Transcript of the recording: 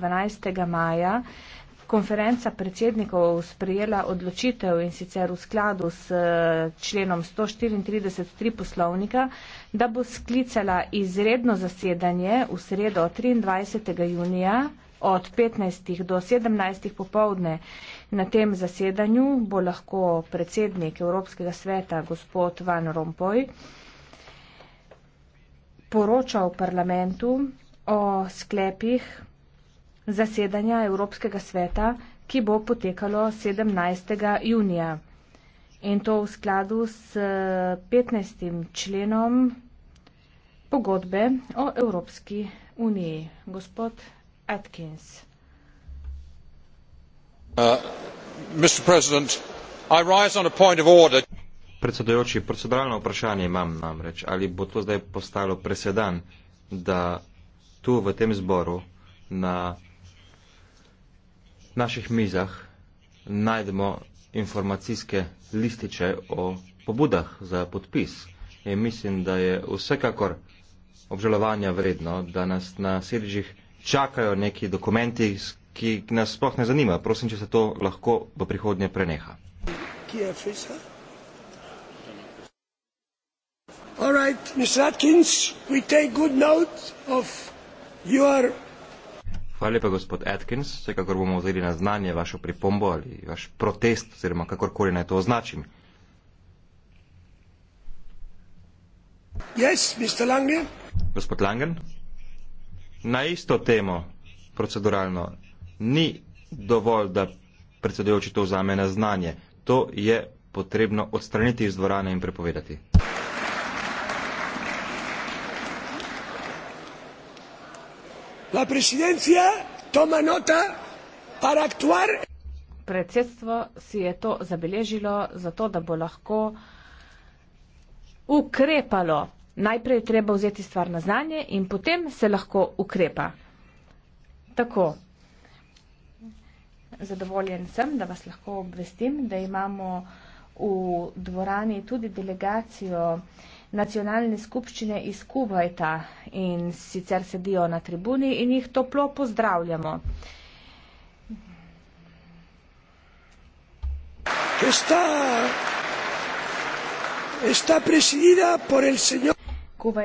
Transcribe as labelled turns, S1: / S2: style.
S1: 12. maja konferenca predsednikov sprejela odločitev in sicer v skladu s eh, členom 134.3 poslovnika, da bo sklicala izredno zasedanje v sredo 23. junija od 15. do 17. popovdne. Na tem zasedanju bo lahko predsednik Evropskega sveta gospod Van Rompuy poročal parlamentu o sklepih zasedanja Evropskega sveta, ki bo potekalo 17. junija. In to v skladu s 15. členom pogodbe o Evropski uniji. Gospod Atkins. Uh,
S2: Predsedujoči, proceduralno vprašanje imam namreč, ali bo to zdaj postalo presedan, da tu v tem zboru na naših mizah najdemo informacijske lističe o pobudah za podpis. In mislim, da je vsekakor obžalovanja vredno, da nas na sedežih čakajo neki dokumenti, ki nas sploh ne zanima. Prosim, če se to lahko v prihodnje preneha. Kje je Fisa? All right, Mr. Atkins, we take good note of your Hvala lepa, gospod Atkins. Vsekakor bomo vzeli na znanje vašo pripombo ali vaš protest, oziroma kakorkoli naj to označim. Yes, Lange. Gospod Langen, na isto temo, proceduralno, ni dovolj, da predsedujoči to vzame na znanje. To je potrebno odstraniti iz dvorane in prepovedati. La presidencia toma nota
S1: para actuar. Predsedstvo si je to zabeležilo, zato da bo lahko ukrepalo. Najprej treba vzeti stvar na znanje in potem se lahko ukrepa. Tako. Zadovoljen sem, da vas lahko obvestim, da imamo v dvorani tudi delegacijo nacionalne skupščine iz Kuvajta in sicer sedijo na tribuni in jih toplo pozdravljamo.
S2: Kuvajt